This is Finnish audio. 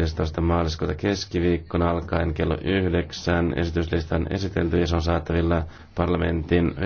11. maaliskuuta keskiviikkona alkaen kello 9. Esityslista on esitelty ja se on saatavilla parlamentin verkko-